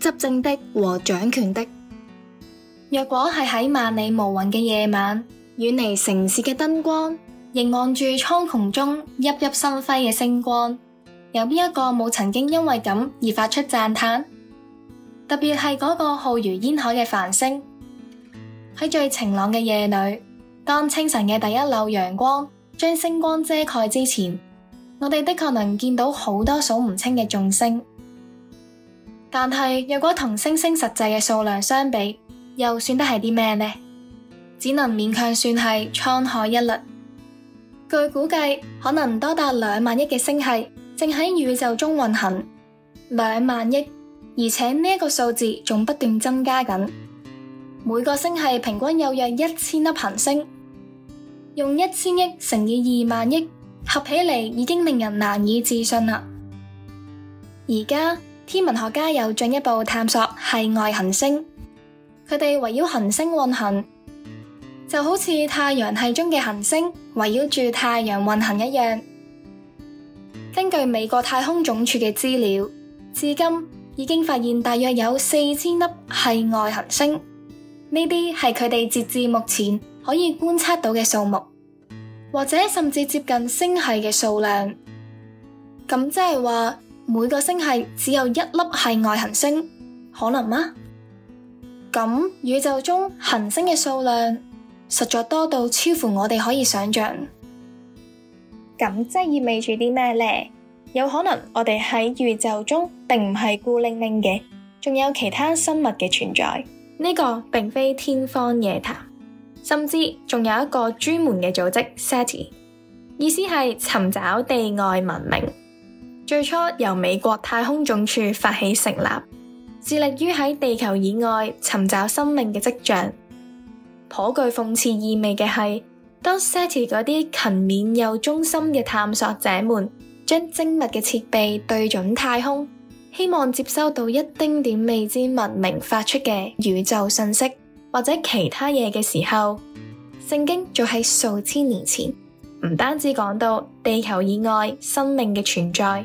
執政的和掌權的，若果係喺萬里無雲嘅夜晚，遠離城市嘅燈光，凝望住蒼穹中熠熠生輝嘅星光，有邊一個冇曾經因為咁而發出讚嘆？特別係嗰個浩如煙海嘅繁星，喺最晴朗嘅夜裏，當清晨嘅第一縷陽光將星光遮蓋之前，我哋的確能見到好多數唔清嘅眾星。但係，若果同星星實際嘅數量相比，又算得係啲咩呢？只能勉強算係滄海一粟。據估計，可能多達兩萬億嘅星系正喺宇宙中運行。兩萬億，而且呢一個數字仲不斷增加緊。每個星系平均有約一千粒行星，用一千億乘以二萬億，合起嚟已經令人難以置信啦。而家。天文學家又進一步探索系外行星，佢哋圍繞行星運行，就好似太陽系中嘅行星圍繞住太陽運行一樣。根據美國太空總署嘅資料，至今已經發現大約有四千粒系外行星，呢啲係佢哋截至目前可以觀測到嘅數目，或者甚至接近星系嘅數量。咁即係話。每個星系只有一粒系外行星，可能嗎？咁宇宙中行星嘅數量實在多到超乎我哋可以想象。咁即意味住啲咩呢？有可能我哋喺宇宙中並唔係孤零零嘅，仲有其他生物嘅存在。呢個並非天方夜譚，甚至仲有一個專門嘅組織 SETI，意思係尋找地外文明。最初由美國太空總署發起成立，致力於喺地球以外尋找生命嘅跡象。頗具諷刺意味嘅係，當 SETI 嗰啲勤勉又忠心嘅探索者們，將精密嘅設備對準太空，希望接收到一丁點未知文明發出嘅宇宙信息或者其他嘢嘅時候，聖經就喺數千年前唔單止講到地球以外生命嘅存在。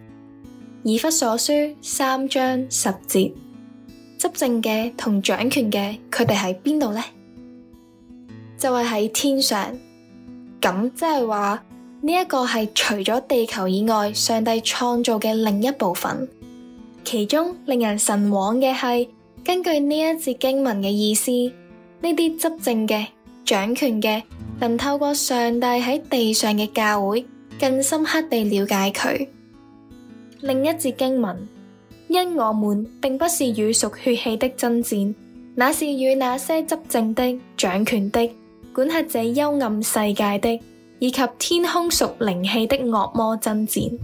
以弗所書三章十節，執政嘅同掌權嘅，佢哋喺邊度呢？就係喺天上。咁即係話呢一個係除咗地球以外，上帝創造嘅另一部分。其中令人神往嘅係，根據呢一節經文嘅意思，呢啲執政嘅、掌權嘅，能透過上帝喺地上嘅教會，更深刻地了解佢。另一節經文，因我們並不是與屬血氣的爭戰，乃是與那些執政的、掌權的、管轄這幽暗世界的，以及天空屬靈氣的惡魔爭戰。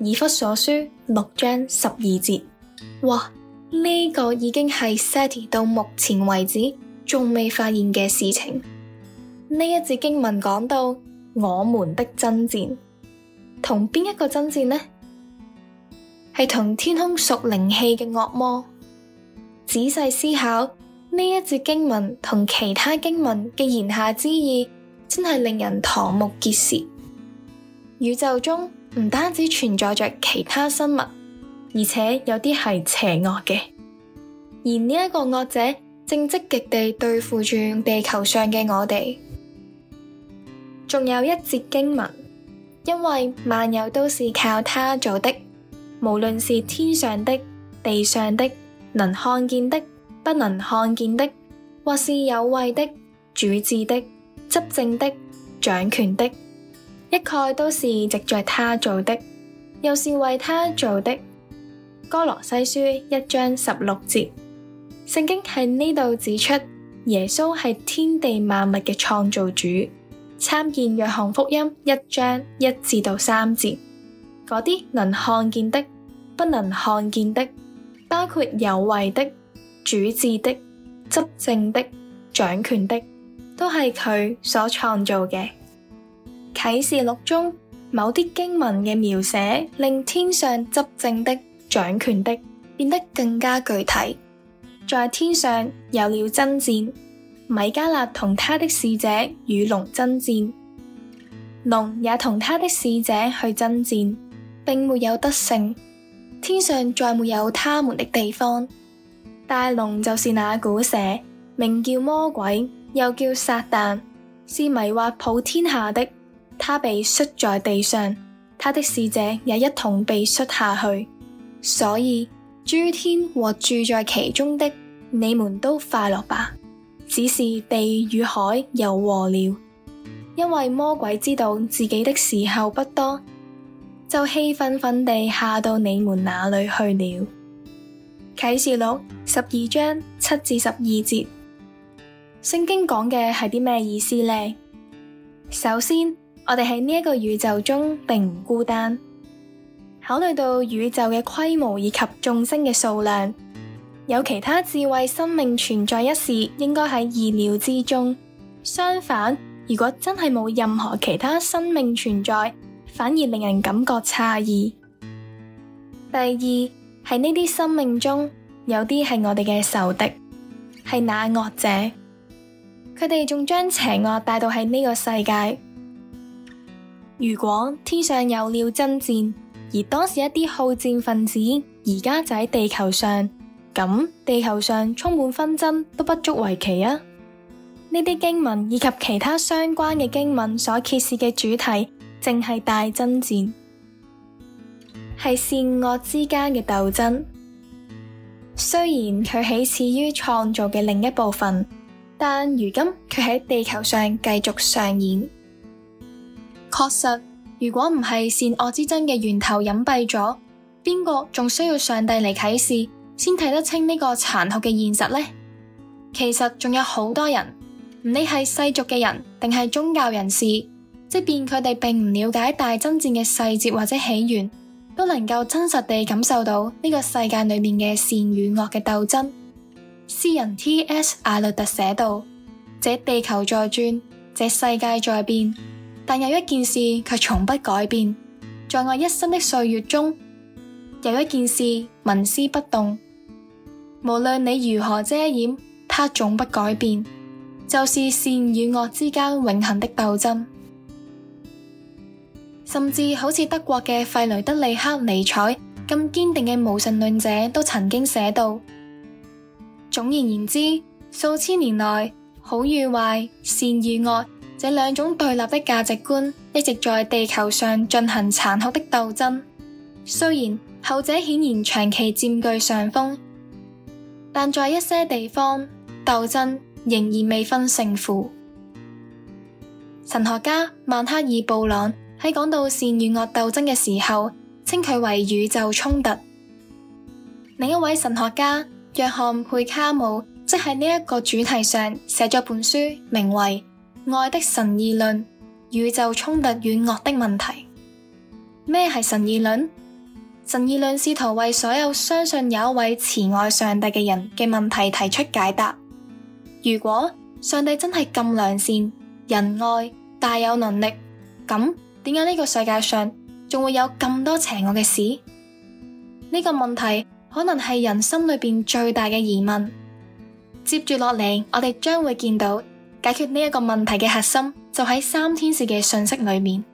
以弗所書六章十二節。哇，呢、這個已經係 SETI 到目前為止仲未發現嘅事情。呢一節經文講到我們的爭戰，同邊一個爭戰呢？係同天空屬靈氣嘅惡魔。仔細思考呢一節經文同其他經文嘅言下之意，真係令人瞠目結舌。宇宙中唔單止存在着其他生物，而且有啲係邪惡嘅。而呢一個惡者正積極地對付住地球上嘅我哋。仲有一節經文，因為萬有都是靠他造的。無論是天上的、地上的、能看見的、不能看見的，或是有位的、主治的、執政的、掌權的，一概都是藉着他做的，又是為他做的。歌羅西書一章十六節，聖經喺呢度指出耶穌係天地萬物嘅創造主。參見約翰福音一章一至到三節。嗰啲能看見的，不能看見的，包括有位的、主治的、執政的、掌權的，都係佢所創造嘅。啟示錄中某啲經文嘅描寫，令天上執政的掌權的變得更加具體。在天上有了爭戰，米迦勒同他的使者與龍爭戰，龍也同他的使者去爭戰。並沒有得勝，天上再沒有他們的地方。大龍就是那古蛇，名叫魔鬼，又叫撒旦，是迷惑普天下的。他被摔在地上，他的使者也一同被摔下去。所以，諸天和住在其中的你們都快樂吧。只是地與海有禍了，因為魔鬼知道自己的時候不多。就氣憤憤地下到你們那裏去了。啟示錄十二章七至十二節，聖經講嘅係啲咩意思呢？首先，我哋喺呢一個宇宙中並唔孤單。考慮到宇宙嘅規模以及眾星嘅數量，有其他智慧生命存在一事，應該喺意料之中。相反，如果真係冇任何其他生命存在。反而令人感覺詫異。第二，喺呢啲生命中，有啲係我哋嘅仇敵，係那惡者，佢哋仲將邪惡帶到喺呢個世界。如果天上有了爭戰，而當時一啲好戰分子而家就喺地球上，咁地球上充滿紛爭都不足為奇啊！呢啲經文以及其他相關嘅經文所揭示嘅主題淨係大爭戰，係善惡之間嘅鬥爭。雖然佢起始於創造嘅另一部分，但如今佢喺地球上繼續上演。確實，如果唔係善惡之爭嘅源頭隱蔽咗，邊個仲需要上帝嚟啟示先睇得清呢個殘酷嘅現實呢？其實仲有好多人，唔理係世俗嘅人定係宗教人士。即便佢哋並唔了解大爭戰嘅細節或者起源，都能夠真實地感受到呢個世界裏面嘅善與惡嘅鬥爭。詩人 T.S. 艾略特寫道：，這地球在轉，這世界在變，但有一件事卻從不改變。在我一生的歲月中，有一件事紋絲不動，無論你如何遮掩，它總不改變，就是善與惡之間永恒的鬥爭。甚至好似德國嘅費雷德里克尼采咁堅定嘅無神論者，都曾經寫道：，總而言之，數千年來，好與壞、善與惡這兩種對立的價值觀，一直在地球上進行殘酷的鬥爭。雖然後者顯然長期佔據上風，但在一些地方，鬥爭仍然未分勝負。神學家曼克爾布朗。喺講到善與惡鬥爭嘅時候，稱佢為宇宙衝突。另一位神學家約翰佩卡姆即係呢一個主題上寫咗本書，名為《愛的神義論：宇宙衝突與惡的問題》。咩係神義論？神義論試圖為所有相信有一位慈愛上帝嘅人嘅問題提出解答。如果上帝真係咁良善、仁愛、大有能力，咁，點解呢個世界上仲會有咁多邪惡嘅事？呢、這個問題可能係人心裏面最大嘅疑問。接住落嚟，我哋將會見到解決呢一個問題嘅核心，就喺三天使嘅信息裏面。